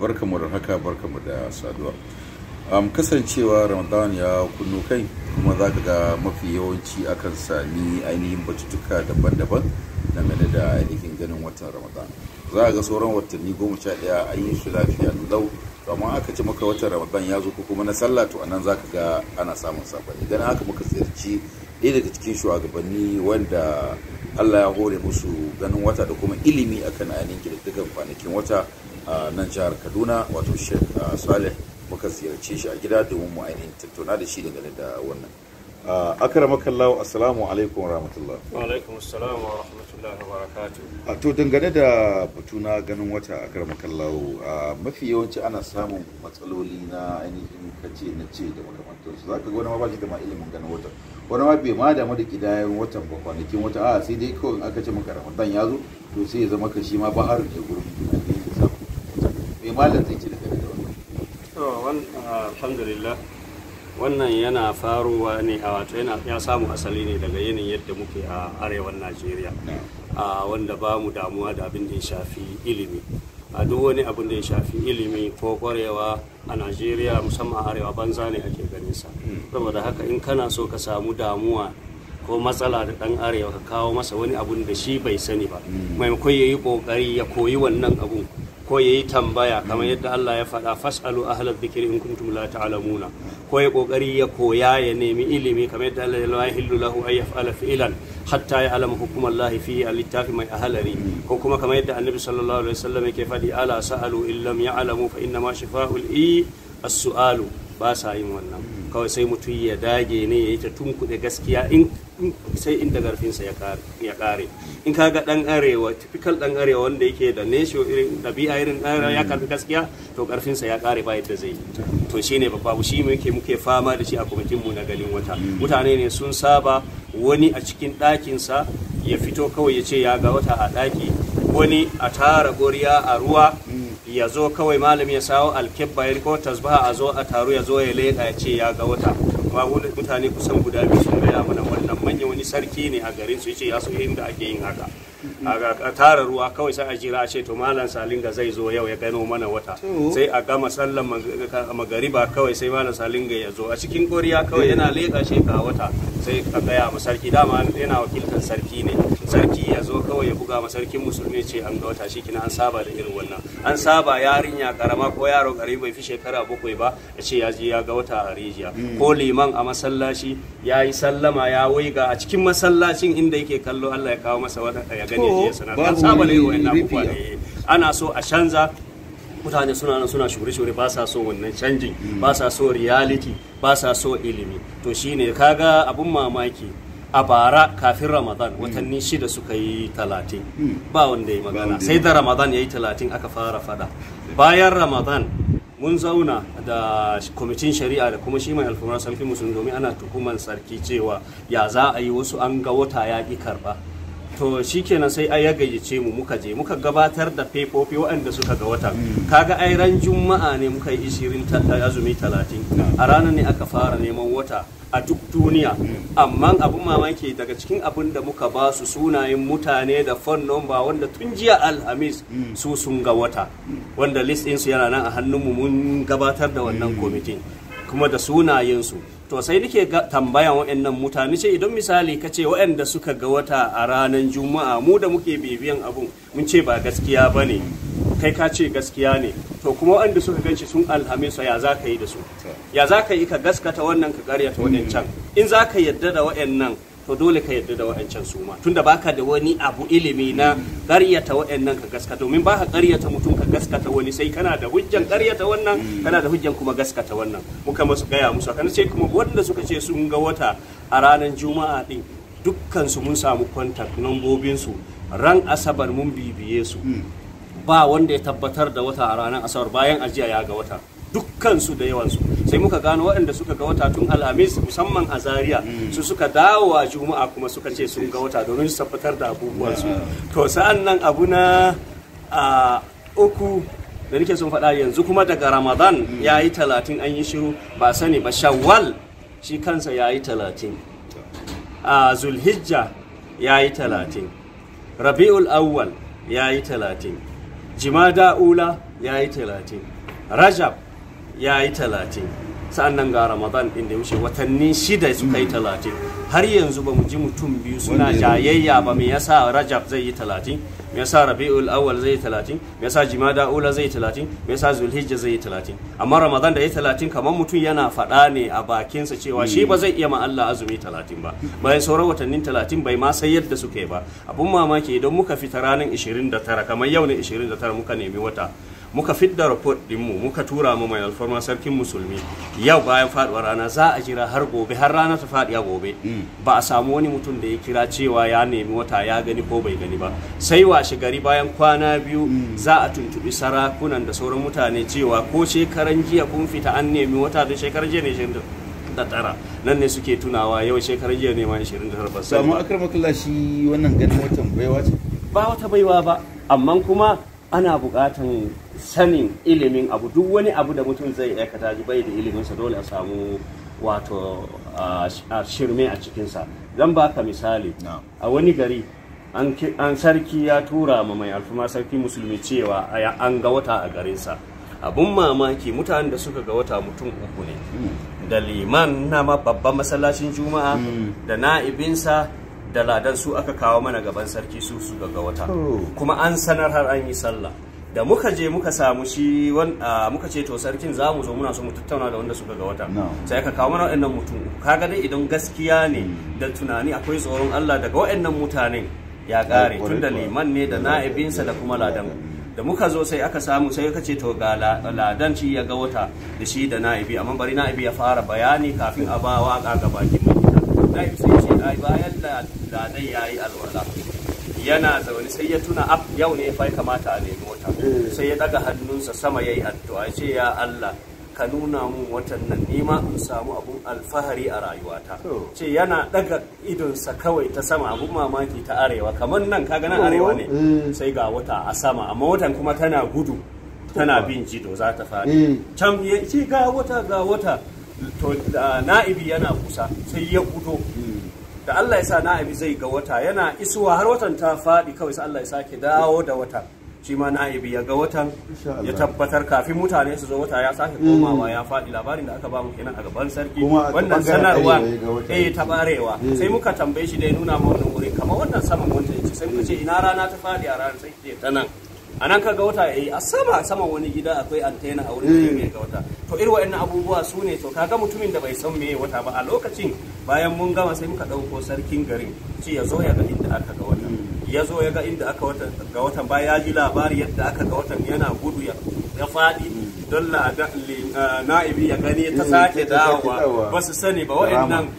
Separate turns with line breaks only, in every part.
barkamu da haka barkamu da saduwa um, kasancewa ramadan ya kunno kai kuma za ka ga mafi yawanci akan sami ainihin batutuka daban-daban dangane da ainihin ganin watan ramadan za a ga sauran watanni goma sha ɗaya an yi shi lafiya lau amma aka ce maka watan ramadan ya zo ko kuma na sallah to anan za ka ga ana samun sabani idan haka muka ziyarci ɗaya daga cikin shugabanni wanda Allah ya hore musu ganin wata da kuma ilimi akan ainihin kididdigan kwanakin wata a nan jihar Kaduna wato Sheikh Saleh muka ziyarce shi a gida domin mu ainihin tattauna da shi dangane da wannan. akramakallahu assalamu alaikum rahmatullah. Wa
alaikum assalamu
wa rahmatullahi wa barakatuh. to dangane da batuna ganin wata akramakallahu mafi yawanci ana samun matsaloli na ainihin kace na ce da makamantansu zaka ga wani ma ba shi da ma ilimin ganin wata. wani ma bai ma mu da kidayen watan ba kwanakin wata a sai dai kawai aka ce maka ramadan ya zo to sai ya zama ka shi ma ba har ne gurbi addinin mai malam zai ce da kai da wannan alhamdulillah wannan
yana faruwa ne a wato ya samu asali ne daga yanayin yadda muke a arewan najeriya a wanda ba mu damuwa da abin da ya shafi ilimi a duk wani abin da ya shafi ilimi ko kwarewa a najeriya musamman a arewa banza ne ake saboda haka in kana so ka samu damuwa ko matsala da ɗan arewa ka kawo masa wani abun da shi bai sani ba mm. maimakon ya yi ƙoƙari ya koyi wannan abun ko ya yi tambaya mm. kamar yadda Allah ya faɗa fas'alu ahlal dhikri in kuntum la ta'lamuna ko ya kokari ya koya ya nemi ilimi kamar yadda Allah ya yahillu lahu ay yaf'ala fi'lan hatta alama hukum Allah fi al-littafi mai ahlari mm. ko kuma kamar yadda Annabi sallallahu alaihi wasallam yake faɗi ala sa'alu illam ya'lamu fa inna ma shifa'ul i as-su'alu ba sa yin wannan kawai sai mutum ya dage ne ya yi ta tunkuɗe gaskiya in sai inda garfinsa ya kare in ka ga ɗan arewa typical ɗan arewa wanda yake da nesho irin ɗabi'a irin ɗan ya karfi gaskiya to karfinsa ya kare ba yadda zai to to ne babba shi muke muke fama da shi a kwamitin mu na ganin wata mutane ne sun saba wani a cikin ɗakinsa ya fito kawai ya ce ya ga wata a ɗaki wani a tara goriya a ruwa ya zo kawai malami ya sawo alkebba ya riko tasbaha a zo a taru ya zo ya leƙa ya ce ya ga wata mutane kusan guda biyu sun gaya mana wannan manya wani sarki ne a garin su ce ya so inda ake yin haka a tara ruwa kawai sai a jira a ce to malam salinga zai zo yau ya gano mana wata sai a gama sallan magariba kawai sai malam salinga ya zo a cikin koriya kawai eh. yana leƙa shi wata sai a gaya ma sarki dama yana wakiltar sarki ne sarki ya zo kawai ya buga ma sarkin musulmi ce an ga wata shi kina an saba da irin wannan an saba yarinya karama ko yaro karami bai fi shekara bakwai ba ya ce ya je ya ga wata a rijiya hmm. ko liman a masallaci ya yi sallama ya waiga a cikin masallacin inda yake kallo Allah ya kawo masa wata ya gane ya sanar an saba da irin wannan abubuwa eh, eh. ana so a canza mutane suna nan suna shure-shure ba sa so wannan canjin hmm. ba sa so reality ba sa so ilimi to shine kaga abun mamaki a bara kafin ramadan watanni hmm. shida suka yi talatin hmm. ba wanda ya magana sai da ramadan ya yi talatin aka fara fada bayan ramadan mun zauna da kwamitin shari'a da kuma shi mai alfumar sarki musulun domin ana tuhuman sarki cewa ya za a yi wasu an ga wata ya ƙi karɓa to shi kenan sai a ya gayyace mu muka je muka gabatar da fefofi waɗanda suka ga wata hmm. kaga ai ran juma'a ne muka yi ishirin azumi talatin a ranar ne aka fara neman wata a duk duniya amma abin mamaki daga cikin abin da muka ba su sunayen mutane da phone number wanda tun jiya alhamis su sun ga wata wanda list ɗinsu yana nan a hannunmu mun gabatar da wannan kwamitin kuma da sunayensu to sai nake tambayan waannan mutane ce idan misali ka ce waɗanda suka ga wata a ranar juma'a mu da muke bibiyan abun mun ce ba gaskiya ba ne kai ka ce gaskiya ne to kuma wanda suka ganci sun alhame su ya za ka yi da su ya za ka yi ka gaskata wannan ka karya karyata can? in za ka yadda da waɗannan to dole ka yadda da waɗancan su ma tunda baka da wani abu ilimi na karyata waɗannan ka gaskata domin ba karyata mutum ka gaskata wani sai kana da hujjan karyata wannan kana da hujjan kuma gaskata wannan muka masu gaya musu kan sai kuma wanda suka ce sun ga wata a ranar juma'a din dukkan su mun samu kwantar, nambobinsu ran asabar mun bibiye su ba wanda ya tabbatar da wata a ranar asabar bayan ajiya ya ga wata dukkansu da yawansu sai muka gano waɗanda suka ga wata tun alhamis musamman a Zariya mm. su suka dawo a juma'a kuma suka ce sun ga wata domin su tabbatar da abubuwansu to sa'an nan abu na uku da nake sun faɗa yanzu kuma daga ramadan mm. ya yi talatin an yi shiru ba sani ba shawwal shi kansa ya yi talatin a zulhijja ya yi talatin rabi'ul awwal ya yi talatin jimada ula ya yi talatin rajab ya yi talatin sa'an nan ga ramadan din da wuce watanni shida suka yi talatin har yanzu ba mu ji mutum biyu suna jayayya ba me yasa rajab zai yi talatin me yasa rabi'ul awwal zai yi talatin me yasa jimada ula zai yi talatin me yasa zulhijja zai yi talatin amma ramadan da ya talatin kamar mutum yana faɗa ne a bakinsa cewa shi ba zai iya ma Allah azumi talatin ba bayan sauran watanni talatin bai ma sai yadda suka yi ba abun mamaki idan muka fita ranar 29 kamar yau ne 29 muka nemi wata muka fidda report dinmu muka tura mu mai alfarma sarkin musulmi yau bayan faduwar rana za a jira har gobe har rana ta a gobe mm. ba a samu wani mutum da ya kira cewa ya nemi wata ya gani ko bai gani ba sai washe gari bayan kwana biyu mm. za a tuntubi sarakunan da sauran mutane cewa ko shekaran jiya kun fita an nemi wata da shekaran jiya ne da tara nan ne suke tunawa yau shekaran jiya ne ma 29 ba sai amma
makalla shi wannan ganin
watan baiwa ce ba wata baiwa ba amma kuma ana bukatan sanin ilimin abu duk wani abu da mutum zai aikata bai da iliminsa dole a samu wato a shirme a cikinsa zan baka misali a wani gari an sarki ya tura ma mai alfuma sarki musulmi cewa an ga wata a garinsa abun mamaki mutanen da suka ga wata mutum uku ne hmm. da liman na babban masallacin juma'a hmm. da na'ibinsa da ladan su aka kawo mana gaban sarki su su ga wata kuma an sanar har an yi sallah da muka je muka samu shi muka ce to sarkin za mu zo muna so mu tattauna da wanda suka ga wata sai aka kawo mana wa'annan mutum kaga dai idan gaskiya ne da tunani akwai tsoron Allah daga wa'annan mutanen ya kare tunda liman ne da na'ibinsa da kuma ladan da muka zo sai aka samu sai aka ce to ga ladan shi ya ga wata da shi da na'ibi amma bari na'ibi ya fara bayani kafin a ba waka ga bakin sai bayan ladai ya yana zaune sai ya tuna ab yau ne fa kamata a nemi wata eh. sai ya daga hannunsa sama yayi addu'a ce ya Allah ka nuna mun watan nan nima in samu abun alfahari a rayuwata ce yana daga idonsa kawai ta sama abun mamaki ta arewa kamar nan ka nan oh. arewa ne eh. sai ga wata a sama amma watan kuma tana gudu tana bin jido za ta faɗi eh. can ya ce ga wata ga wata to na'ibi yana kusa sai ya kuto. da Allah ya sa na'ibi zai ga wata yana isuwa har watan ta faɗi kawai sai Allah ya sake dawo da wata. shi ma na'ibi ya ga watan ya tabbatar kafin mutane su zo wata ya sake mm. komawa ya faɗi labarin da aka ba mu kenan a gaban sarki wannan sanarwa eh ta barewa mm. sai muka tambaye shi da ya nuna mana wuri kamar wannan saman wanda yace sai muka ce ina rana ta faɗi a ranar sai ta nan a nan ka ga wata eh a sama saman wani gida akwai antena a wurin mm. da ya ga wata to irwa ina abubuwa su ne to kaga mutumin da bai san meye wata ba a lokacin bayan mun gama sai muka ɗauko sarkin garin ci ya zo ya ga inda aka ga watan ya zo ya ga inda aka ga watan ba ya ji labari yadda aka ga watan yana gudu ya faɗi don na'ibi ya gani ta eh, sake dawowa ba su sani ba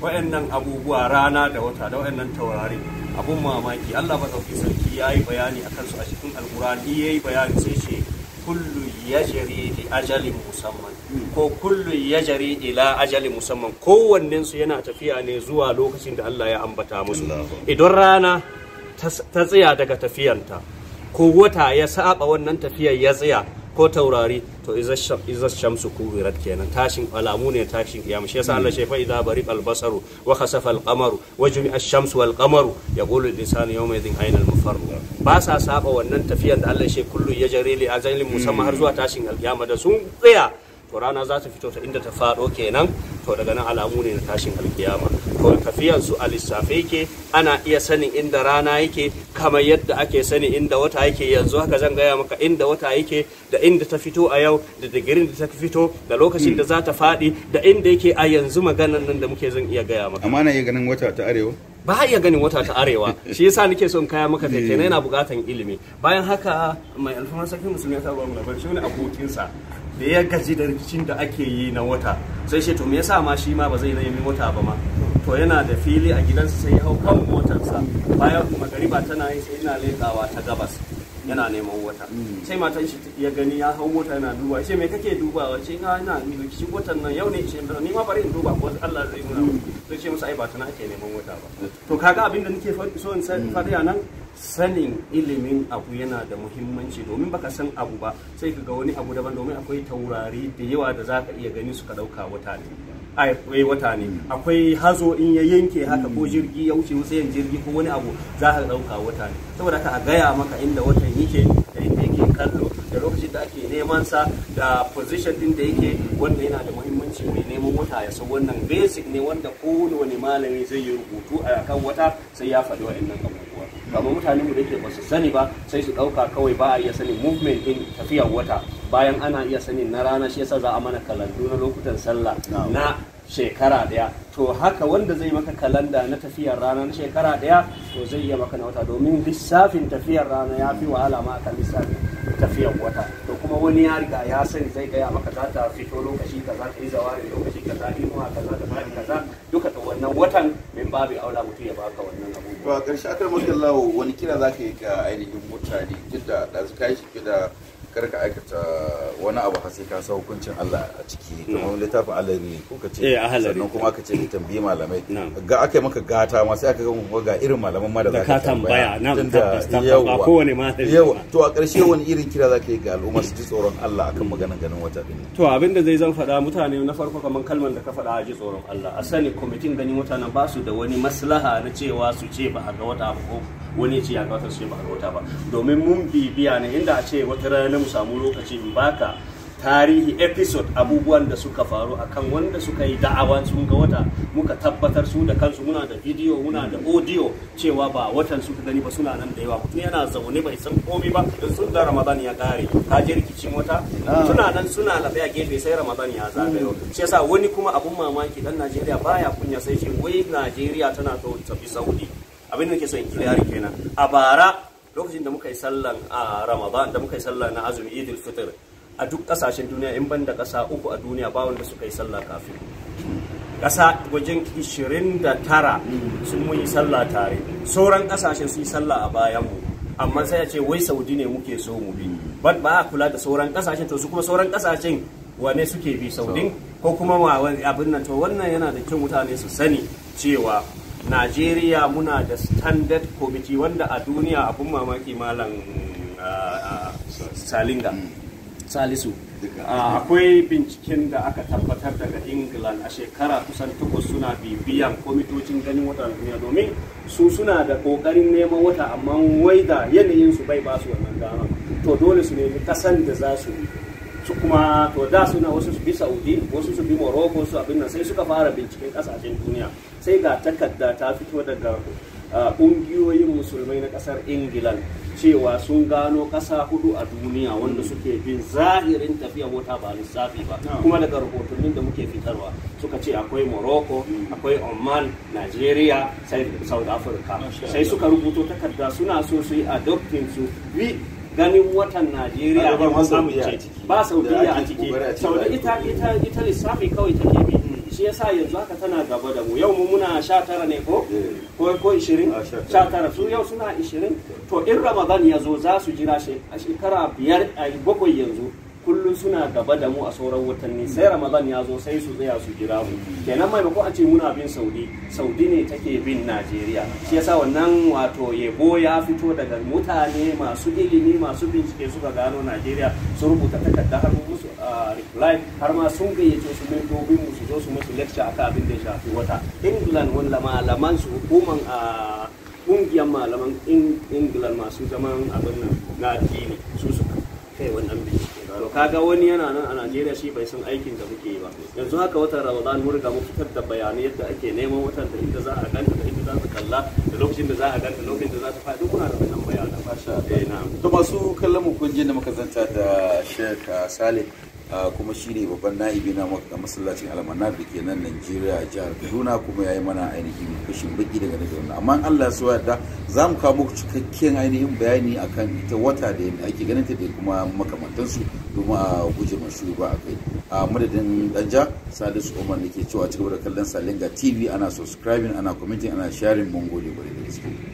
wa'annan abubuwa rana da wata da waannan taurari abun mamaki Allah ba sarki ya yi bayani akan su a cikin alkurani ya yi bayani sai shi kullu yajri li ajali musamman ko kullu yajri ila ajali musamman kowannen su yana tafiya ne zuwa lokacin da Allah ya ambata musu idan rana ta tsaya daga tafiyanta ko wata ya saba wannan tafiyar ya tsaya ko taurari to iza shamsu kuwirat kenan tashin alamu ne tashin kiyama shi yasa Allah shi fa idza barib al basaru wa khasafa al qamaru wa jumi'a ash shamsu wal qamaru yaqulu al insanu yawma idhin ayna al mafar ba sa saba wannan tafiyar da Allah shi kullu ya jare li ajalin musamman har zuwa tashin al kiyama da sun tsaya to rana za ta fito ta inda ta fado kenan to daga nan alamu ne na tashin al kiyama tafiyansu a lissafe yake ana iya sanin inda rana yake kamar yadda ake sani inda wata yake yanzu haka zan gaya maka inda wata yake da inda ta fito a yau da digirin da ta fito da lokacin da za ta faɗi da inda yake a yanzu maganan nan da muke zan iya gaya maka
amma na iya ganin wata ta arewa ba iya ganin wata ta arewa shi yasa nake son kaya maka ta kenan yana
bukatan ilimi bayan haka mai alfahar sarki musulmi ta ba mu labar shi abokinsa da ya gaji da rikicin da ake yi na wata sai shi to me yasa ma shi ma ba zai nemi wata ba ma to yana da fili a gidansa sai ya hau kan motarsa bayan kuma magariba tana yi sai ina lekawa ta gabas yana neman wata mm. sai matan shi ya gani ya hau mota yana duba Sai me kake dubawa ce na ina shi watan nan yau ne ce ni ma bari in duba ko Allah zai nuna to mm. ce musu ai ba tana ake neman wata ba to kaga abin da nake so in mm. fariya nan sanin ilimin abu yana da muhimmanci domin baka san abu ba sai ka wani abu daban domin akwai taurari da yawa da zaka iya gani suka dauka wata ne ai wata ne akwai hazo in ya yanke haka ko jirgi ya wuce wasu yin jirgi ko wani abu za ka ɗauka wata ne saboda haka a gaya maka inda watan yake da inda yake kallo da lokacin da ake neman sa da position din da yake wanda yana da muhimmanci mai neman wata ya san wannan basic ne wanda kowane wani malami zai yi rubutu a kan wata sai ya faɗi wa'annan abubuwa kamar mutanen mu da ke basu sani ba sai su ɗauka kawai ba a iya sanin movement din tafiyar wata bayan ana iya sanin na rana shi yasa za a mana kalandu na lokutan sallah na shekara daya. to haka wanda zai maka kalanda na tafiyar rana na shekara daya to zai iya maka na wata domin lissafin tafiyar rana ya fi wahala ma akan lissafin tafiyar wata kuma wani ya riga ya sani zai gaya maka za ta fito lokaci za ta yi zawari lokaci kaza inuwa kaza ta ka kaza
duka ta wannan watan min babu aula mutum ya baka wannan abubuwa. to a ƙarshe akar makallahu wani kira za ka yi ga ainihin mutane duk da ɗazu shi da karka aikata wani abu har sai ka sa hukuncin Allah a ciki mm. kamar littafin Allah ne ko ka ce eh, sannan kuma ka ce ka tambayi malamai ga aka maka gata ma sai aka ga kuma ga irin malaman ma da za ka tambaya tunda yawa kowane malami yawa to a ƙarshe wani irin kira za ka yi ga al'umma su ji tsoron Allah akan maganar ganin wata din
to abin da zai zan faɗa mutane na farko kamar kalmar da ka faɗa a ji tsoron Allah a sani kwamitin ganin mutanen ba su da wani maslaha na cewa su ce ba a ga wata abu ko wani ce ya kawatar sai ba a ba domin mun bibiya ne inda a ce wata rana mu samu lokaci in baka tarihi episode abubuwan da suka faru akan wanda suka yi da'awa sun ga wata muka tabbatar su da kansu muna da video muna da audio cewa ba watan suka gani ba suna nan da yawa mutum yana zaune bai san komai ba don sun da ramadan ya kare ka je rikicin wata suna nan suna labe a gefe sai ramadan ya zagayo mm. shi yasa wani kuma abun mamaki dan Najeriya baya kunya sai shi wai Najeriya tana so ta bi Saudi abin da ke so in clear kenan a bara lokacin da muka yi sallan a ramadan da muka yi sallan na azumi idil fitr a duk kasashen duniya in banda kasa uku a duniya ba wanda suka yi sallah kafin kasa wajen 29 sun mun yi sallah tare sauran kasashen su yi sallah a bayan mu amma sai a ce wai saudi ne muke so mu bi ba a kula da sauran kasashen to su kuma sauran kasashen wane suke bi saudi ko kuma abin nan to wannan yana da kyau mutane su sani cewa najeriya muna da standard committee wanda a duniya abun mamaki malam ah, ah, salinga mm. salisu ah, akwai binciken da aka tabbatar daga england a shekara kusan takwas suna bibiyan kwamitocin ganin wata duniya domin su suna da kokarin neman wata amma wai da yanayin su bai basu wannan dama to dole su nemi kasan da za su su kuma to da suna wasu su bi saudi wasu su bi morocco su abin nan sai suka fara binciken kasashen duniya sai ga takarda ta fito daga ƙungiyoyin musulmai na ƙasar ingila cewa sun gano ƙasa hudu a duniya wanda hmm. suke bin zahirin tafiya wata ba lissafi ba hmm. kuma daga rahotannin da muke fitarwa suka ce akwai morocco hmm. akwai oman nigeria sai south africa sai suka rubuto takarda suna so su yi adoptin su bi ganin watan nigeria ba saudiya a ciki saudi ita lissafi kawai take bi yasa yanzu haka tana gaba da mu yau mu muna 19 ne ko ko ko 20 19 su yau suna 20 to in ramadan ya zo za su jira shi a shekara biyar a bakwai yanzu kullum suna gaba da mu a sauran watanni sai ramadan ya zo sai su tsaya su jira mu kenan maimako a ce muna bin saudi saudi ne take bin najeriya shi yasa wannan wato yebo ya fito daga mutane masu ilimi masu bincike suka gano najeriya su rubuta takardar har musu life har ma sun gayyace su mai mu su zo su musu lecture aka abin da ya shafi wata england wani malaman su hukuman a kungiyar malaman england masu zaman abin nan na addini su su kai wannan bincike to kaga wani yana nan a Najeriya shi bai san aikin da muke yi ba yanzu haka watan Ramadan mun riga mu fitar da bayanai yadda
ake neman watan da inda za a ganta da inda za ta kalla da lokacin da za a ganta lokacin da za ta faɗi kuna da wannan bayanan masha Allah eh, to masu kallon mu kun je da muka zanta da Sheikh Saleh kuma shi ne babban na'ibi na masallacin almanar da ke nan najeriya jihar kaduna kuma ya yi mana ainihin kashin baki daga nan kaduna amma allah su yadda za mu kawo muku cikakken ainihin bayani akan ita wata da yana ake ganin ta da kuma makamantansu domin a guje masu ba a kai a madadin danja salisu umar da ke cewa cigaba da kallon salinga tv ana subscribing ana commenting ana sharing mongolia gode da gaske